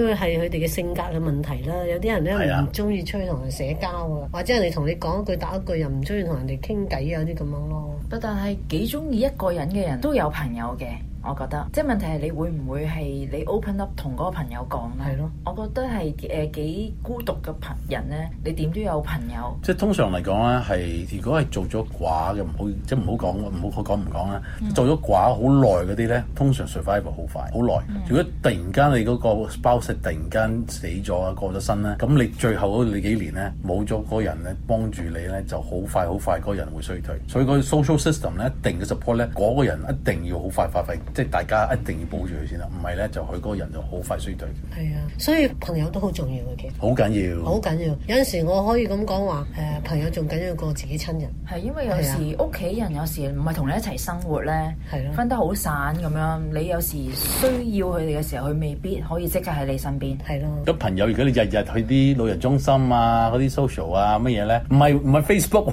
都係佢哋嘅性格嘅問題啦，有啲人咧唔中意出去同人社交啊，或者人哋同你講一句打一句，又唔中意同人哋傾偈啊，啲咁樣咯。不，但係幾中意一個人嘅人都有朋友嘅。我覺得，即係問題係你會唔會係你 open up 同嗰個朋友講咧？係咯，我覺得係誒、呃、幾孤獨嘅朋人咧，你點都有朋友。即係通常嚟講咧，係如果係做咗寡嘅，唔好即係唔好講，唔好講唔講啦。嗯、做咗寡好耐嗰啲咧，通常 survive 好快，好耐。嗯、如果突然間你嗰個 spouse 突然間死咗啊過咗身咧，咁你最後你幾年咧冇咗嗰人咧幫住你咧，就好快好快嗰人會衰退。所以個 social system 咧，一定嘅 support 咧，嗰個人一定要好快發揮。即係大家一定要保住佢先啦，唔係咧就佢嗰個人就好快衰退。係啊，所以朋友都好重要嘅，其實。好緊要。好緊要。有陣時我可以咁講話，誒朋友仲緊要過自己親人。係因為有時屋企人有時唔係同你一齊生活咧，係咯，分得好散咁樣，你有時需要佢哋嘅時候，佢未必可以即刻喺你身邊。係咯。咁朋友，如果你日日去啲老人中心啊，嗰啲 social 啊乜嘢咧，唔係唔係 Facebook，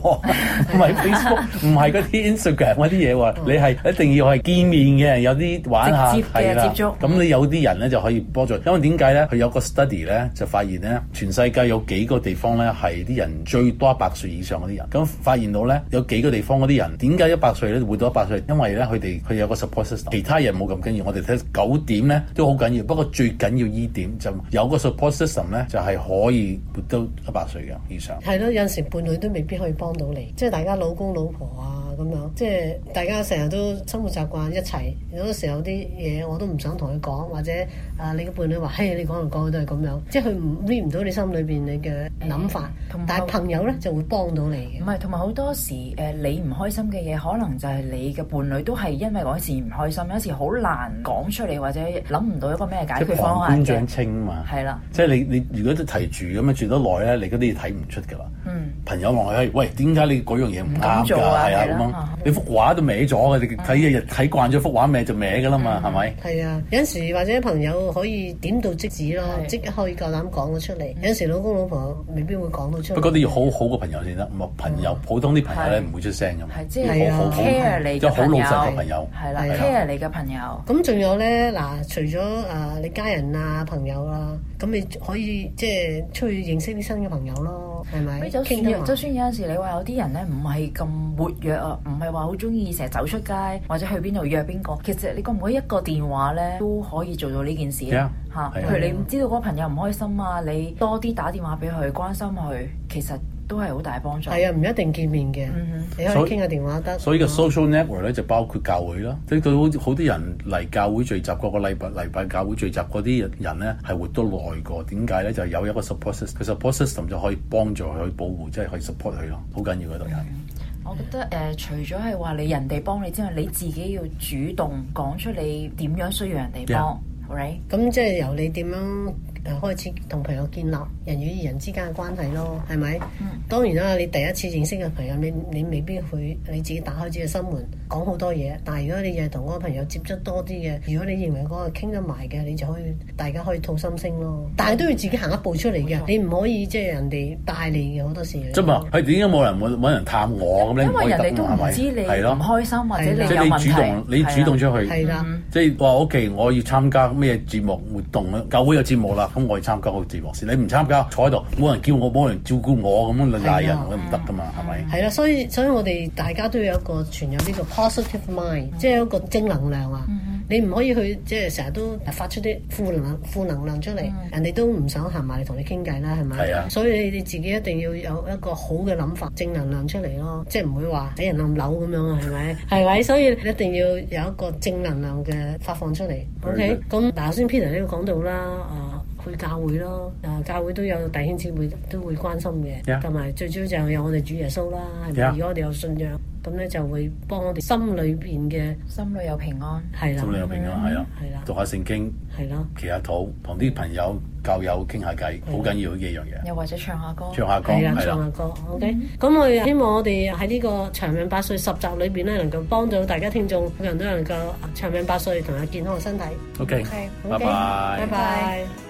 唔係 Facebook，唔係嗰啲 Instagram 嗰啲嘢喎，你係一定要係見面嘅。有啲玩下接，係啦，接觸。咁你有啲人咧就可以幫助。因為點解咧？佢有個 study 咧，就發現咧，全世界有幾個地方咧係啲人最多一百歲以上嗰啲人。咁發現到咧，有幾個地方嗰啲人點解一百歲咧活到一百歲？因為咧，佢哋佢有個 support system 其他人冇咁緊要。我哋睇九點咧都好緊要，不過最緊要依點就有個 support system 呢，咧，就係、是、可以活到一百歲嘅以上。係咯，有陣時伴侶都未必可以幫到你，即係大家老公老婆啊咁樣，即係大家成日都生活習慣一齊。時候有時有啲嘢我都唔想同佢講，或者啊你嘅伴侶話：嘿，你講嚟講去都係咁樣，即係佢唔 read 唔到你心裏邊你嘅諗法。但係、嗯、朋友咧就會幫到你的。唔係，同埋好多時誒，你唔開心嘅嘢，可能就係你嘅伴侶都係因為嗰時唔開心，有時好難講出嚟，或者諗唔到一個咩解決方案。「旁觀者清嘛。係啦的。即係你你如果一齊住咁啊，住得耐咧，你嗰啲睇唔出㗎啦。嗯、朋友望佢，喂，點解你嗰樣嘢唔啱㗎？係啊，咁樣你幅畫都歪咗嘅，你睇日日睇慣咗幅畫就咩嘅啦嘛，係咪？係啊，有陣時或者朋友可以點到即止咯，即可以夠膽講到出嚟。有陣時老公老婆未必會講到出嚟。不過都要好好嘅朋友先得，唔係朋友，普通啲朋友咧唔會出聲嘅。係，即係好 care 你嘅朋友，即係好老實嘅朋友。係啦，care 你嘅朋友。咁仲有咧嗱，除咗誒你家人啊、朋友啦，咁你可以即係出去認識啲新嘅朋友咯，係咪？就算就算有陣時你話有啲人咧唔係咁活躍啊，唔係話好中意成日走出街或者去邊度約邊個，你可唔可以一個電話咧都可以做到呢件事？吓，譬如你知道嗰個朋友唔開心啊，Yeah. 你多啲打電話俾佢關心佢，其實都係好大幫助。係啊，唔一定見面嘅，mm hmm. 你可以傾下 So, 電話得。所以個 social network 咧，uh huh. 就包括教會啦，即係對好好多人嚟，教會聚集嗰個禮拜禮拜教會聚集嗰啲人咧係活到耐過。點解咧？就有一個 support system，support system 就可以幫助佢保護，即係可以 support 佢，咯，好緊要嘅道理，mm。Hmm. 我覺得誒、呃，除咗係話你人哋幫你之外，你自己要主動講出你點樣需要人哋幫，OK？咁即係由你點樣，誒開始同朋友建立人與人之間嘅關係咯，係咪？嗯、當然啦，你第一次認識嘅朋友，你你未必去你自己打開自己嘅心門講好多嘢。但係如果你就係同嗰個朋友接觸多啲嘅，如果你認為嗰個傾得埋嘅，你就可以大家可以吐心聲咯。但係都要自己行一步出嚟嘅，你唔可以即係、就是、人哋帶你嘅好多時。即係嘛？係點解，冇人揾人探我咁咧？因為你不人哋都唔知你唔開心或者你嘅問題。係咯。即係你主動，你主動出去。係啦。即係話 OK，我要參加咩節目活動咧？教會有節目啦。我去參加我自覺先，你唔參加坐喺度，冇人叫我，冇人照顧我咁樣兩大、啊、人唔得噶嘛，係咪、嗯？係啦吧、啊，所以所以我哋大家都要有一個存有呢個 positive mind，嗯、即係有個正能量啊！嗯、你唔可以去即係成日都發出啲負能負能量出嚟，嗯、人哋都唔想行埋嚟同你傾偈啦，係咪？啊、所以你哋自己一定要有一個好嘅諗法，正能量出嚟咯，即係唔會話俾人冧樓咁樣啊，係咪？係咪？所以一定要有一個正能量嘅發放出嚟。嗯、OK，咁嗱先 Peter 呢個講到啦去教會咯，啊，教會都有弟兄姊妹都會關心嘅，同埋最主要就有我哋主耶穌啦，係如果我哋有信仰，咁咧就會幫我哋心裏邊嘅心裏有平安，係啦，心裏有平安係啦，係啦，讀下聖經係咯，祈下禱，同啲朋友教友傾下偈，好緊要幾樣嘢。又或者唱下歌，唱下歌唱下歌。OK，咁我希望我哋喺呢個長命百歲十集裏邊咧，能夠幫到大家聽眾，每人都能夠長命百歲，同埋健康嘅身體。OK，係，好拜拜。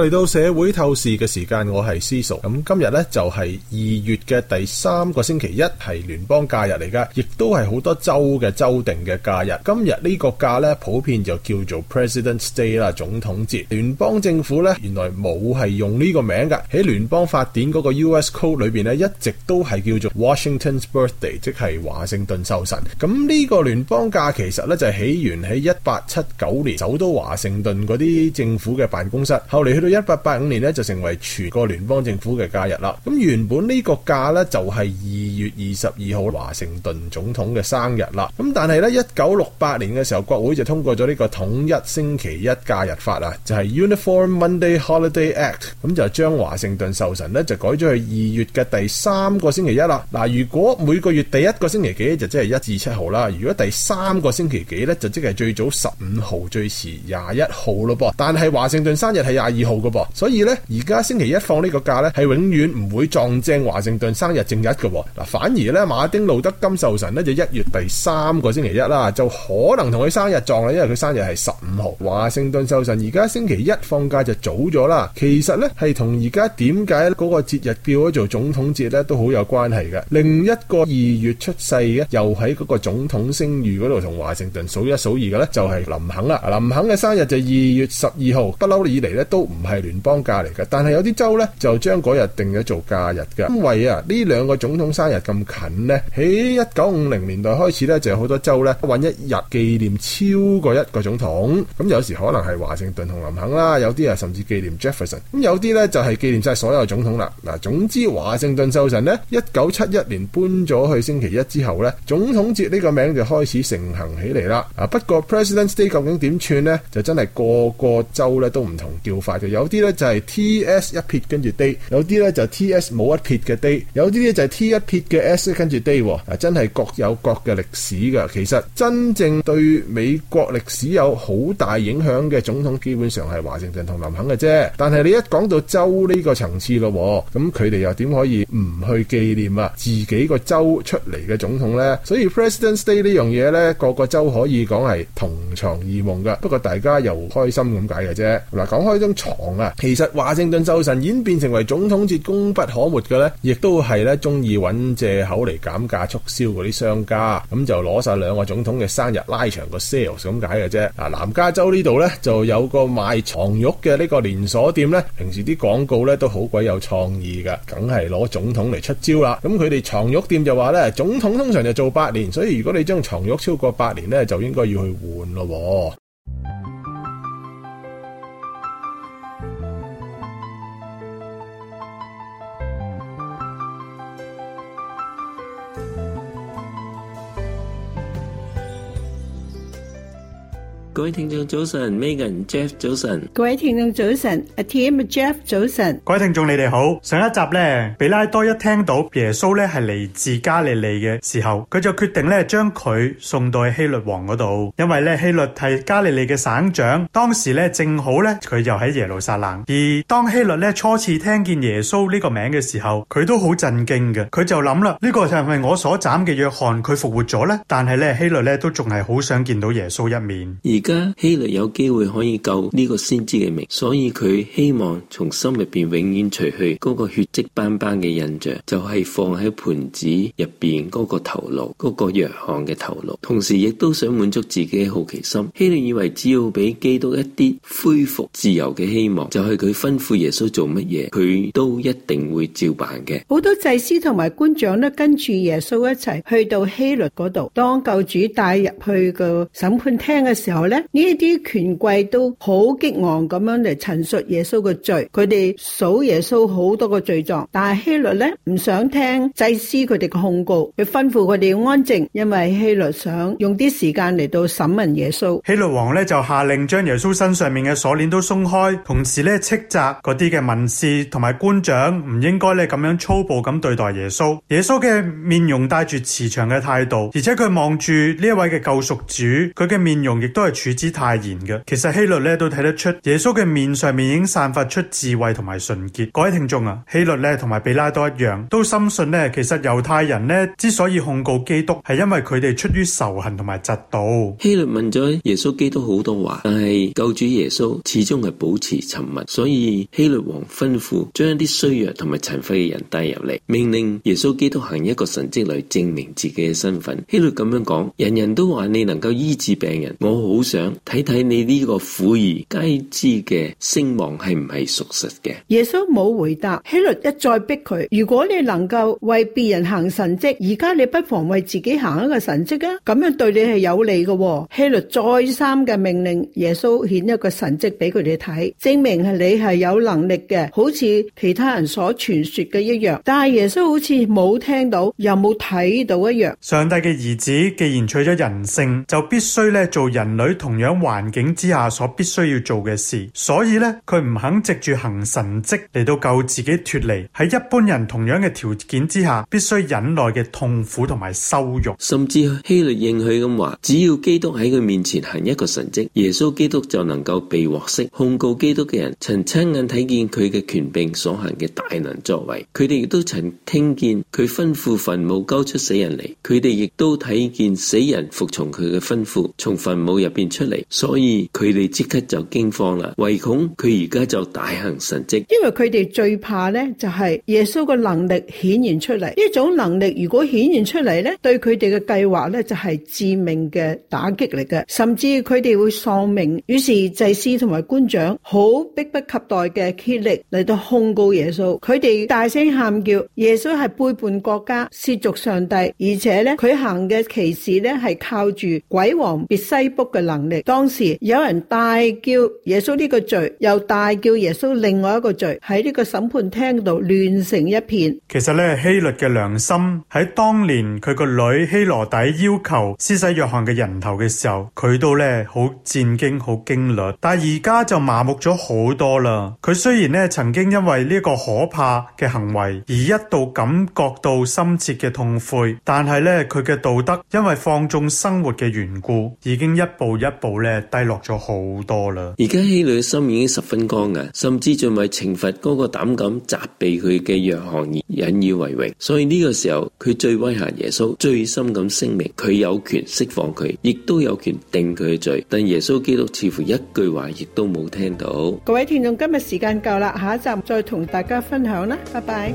嚟到社會透視嘅時間，我係司徒。咁今日呢，就係二月嘅第三個星期一，係聯邦假日嚟噶，亦都係好多州嘅州定嘅假日。今日呢個假呢，普遍就叫做 President’s Day 啦，總統節。聯邦政府呢，原來冇係用呢個名㗎，喺聯邦法典嗰個 U.S. Code 裏面呢，一直都係叫做 Washington’s Birthday，即係華盛頓壽辰。咁呢個聯邦假其實呢，就起源喺一八七九年首都華盛頓嗰啲政府嘅辦公室，後嚟到一八八五年咧，就成為全國聯邦政府嘅假日啦。咁原本呢個假呢，就係二月二十二號華盛頓總統嘅生日啦。咁但係呢，一九六八年嘅時候，國會就通過咗呢個統一星期一假日法啦，就係 Uniform Monday Holiday Act。咁就將華盛頓壽辰呢，就改咗去二月嘅第三個星期一啦。嗱，如果每個月第一個星期幾就即係一至七號啦。如果第三個星期幾呢，就即係最早十五號，最遲廿一號咯噃。但係華盛頓生日係廿二號。所以咧而家星期一放呢個假咧，係永遠唔會撞正華盛頓生日正日㗎。嗱，反而咧馬丁路德金壽辰咧就一月第三個星期一啦，就可能同佢生日撞啦，因為佢生日係十五號。華盛頓壽辰而家星期一放假就早咗啦。其實咧係同而家點解嗰個節日叫咗做總統節咧都好有關係嘅。另一個二月出世嘅，又喺嗰個總統聲譽嗰度同華盛頓數一數二嘅咧，就係林肯啦。林肯嘅生日就二月十二號，不嬲以嚟咧都唔。係聯邦假嚟嘅，但係有啲州呢就將嗰日定咗做假日嘅。因為啊，呢兩個總統生日咁近呢，喺一九五零年代開始呢，就有好多州呢揾一日紀念超過一個總統。咁有時可能係華盛頓同林肯啦，有啲啊甚至紀念 Jefferson。咁有啲呢就係紀念晒所有總統啦。嗱，總之華盛頓壽辰呢，一九七一年搬咗去星期一之後呢，總統節呢個名就開始盛行起嚟啦。啊，不過 President's Day 究竟點串呢？就真係個個州呢都唔同叫法嘅。有啲呢就係 T S 一撇跟住 Day，有啲呢就 T S 冇一撇嘅 Day，有啲呢就係 T 一撇嘅 S 跟住 Day 啊，真係各有各嘅歷史噶其實真正對美國歷史有好大影響嘅總統，基本上係華盛頓同林肯嘅啫。但係你一講到州呢個層次咯，咁佢哋又點可以唔去紀念啊自己個州出嚟嘅總統呢？所以 President s Day 呢樣嘢呢，個個州可以講係同床異夢噶不過大家又開心咁解嘅啫。嗱、啊，講開張床。啊，其實華盛頓壽辰演變成為總統節，功不可沒嘅咧，亦都係咧中意揾借口嚟減價促銷嗰啲商家，咁就攞晒兩個總統嘅生日拉長個 sales 咁解嘅啫。啊，南加州呢度呢，就有個賣床褥嘅呢個連鎖店呢，平時啲廣告呢都好鬼有創意㗎，梗係攞總統嚟出招啦。咁佢哋床褥店就話呢，總統通常就做八年，所以如果你將床褥超過八年呢，就應該要去換咯。各位聽眾早晨，Megan Jeff 早晨。各位聽眾早晨，阿 Tim Jeff 早晨。各位聽眾你哋好，上一集咧，比拉多一聽到耶穌咧係嚟自加利利嘅時候，佢就決定咧將佢送到去希律王嗰度，因為咧希律係加利利嘅省長，當時咧正好咧佢又喺耶路撒冷。而當希律咧初次聽見耶穌呢個名嘅時候，佢都好震驚嘅，佢就諗啦，呢個係咪我所斬嘅約翰佢復活咗咧？但係咧希律咧都仲係好想見到耶穌一面。而家希律有機會可以救呢個先知嘅命，所以佢希望從心入邊永遠除去嗰、那個血跡斑斑嘅印象，就係、是、放喺盤子入邊嗰個頭顱，嗰、那個約翰嘅頭顱。同時亦都想滿足自己嘅好奇心。希律以為只要俾基督一啲恢復自由嘅希望，就係、是、佢吩咐耶穌做乜嘢，佢都一定會照辦嘅。好多祭司同埋官長咧，跟住耶穌一齊去到希律嗰度，當救主帶入去個審判廳嘅時候咧。呢啲權貴都好激昂咁樣嚟，陳述耶穌嘅罪，佢哋數耶穌好多個罪狀。但係希律咧，唔想聽祭司佢哋嘅控告，佢吩咐佢哋要安靜，因為希律想用啲時間嚟到審問耶穌。希律王咧，就下令將耶穌身上面嘅鎖鏈都鬆開，同時咧，斥責嗰啲嘅文士同埋官長唔應該咧，咁樣粗暴咁對待耶穌。耶穌嘅面容帶住慈祥嘅態度，而且佢望住呢一位嘅救贖主，佢嘅面容亦都係主之泰然嘅，其實希律咧都睇得出耶穌嘅面上面已經散發出智慧同埋純潔。各位聽眾啊，希律咧同埋比拉多一樣，都深信咧，其實猶太人咧之所以控告基督，係因為佢哋出於仇恨同埋嫉妒。希律問咗耶穌基督好多話，但係救主耶穌始終係保持沉默，所以希律王吩咐將一啲衰弱同埋殘廢嘅人帶入嚟，命令耶穌基督行一個神蹟嚟證明自己嘅身份。希律咁樣講，人人都話你能夠醫治病人，我好。睇睇你呢個婦孺皆知嘅聲望係唔係屬實嘅？耶穌冇回答，希律一再逼佢。如果你能夠為別人行神跡，而家你不妨為自己行一個神跡啊！咁樣對你係有利嘅。希律再三嘅命令，耶穌顯一個神跡俾佢哋睇，證明係你係有能力嘅，好似其他人所傳說嘅一樣。但係耶穌好似冇聽到，又冇睇到一樣。上帝嘅兒子既然取咗人性，就必須咧做人類。同樣環境之下所必須要做嘅事，所以呢，佢唔肯藉住行神跡嚟到救自己脫離，喺一般人同樣嘅條件之下必須忍耐嘅痛苦同埋羞辱，甚至希律應許咁話，只要基督喺佢面前行一個神跡，耶穌基督就能夠被獲釋。控告基督嘅人曾親眼睇見佢嘅權柄所行嘅大能作為，佢哋亦都曾聽見佢吩咐墳墓交出死人嚟，佢哋亦都睇見死人服從佢嘅吩咐，從墳墓入邊出嚟，所以佢哋即刻就驚慌啦，唯恐佢而家就大行神蹟，因為佢哋最怕呢就係耶穌嘅能力顯現出嚟，一種能力如果顯現出嚟呢，對佢哋嘅計劃呢就係致命嘅打擊嚟嘅，甚至佢哋會喪命。於是祭司同埋官長好迫不及待嘅竭力嚟到控告耶穌，佢哋大聲喊叫：耶穌係背叛國家、褻瀆上帝，而且呢，佢行嘅奇事呢係靠住鬼王別西卜嘅當時有人大叫耶穌呢個罪，又大叫耶穌另外一個罪，喺呢個審判廳度亂成一片。其實咧，希律嘅良心喺當年佢個女希羅底要求施洗約翰嘅人頭嘅時候，佢都咧好戰驚、好驚律。但係而家就麻木咗好多啦。佢雖然咧曾經因為呢個可怕嘅行為而一度感覺到深切嘅痛悔，但係咧佢嘅道德因為放縱生活嘅緣故，已經一步。一步咧低落咗好多啦。而家希律嘅心已經十分剛硬，甚至仲為懲罰嗰個膽敢責備佢嘅約翰而引以為榮，所以呢個時候佢最威嚇耶穌，最深咁聲明佢有權釋放佢，亦都有權定佢嘅罪，但耶穌基督似乎一句話亦都冇聽到。各位聽眾，今日時間夠啦，下一集再同大家分享啦，拜拜。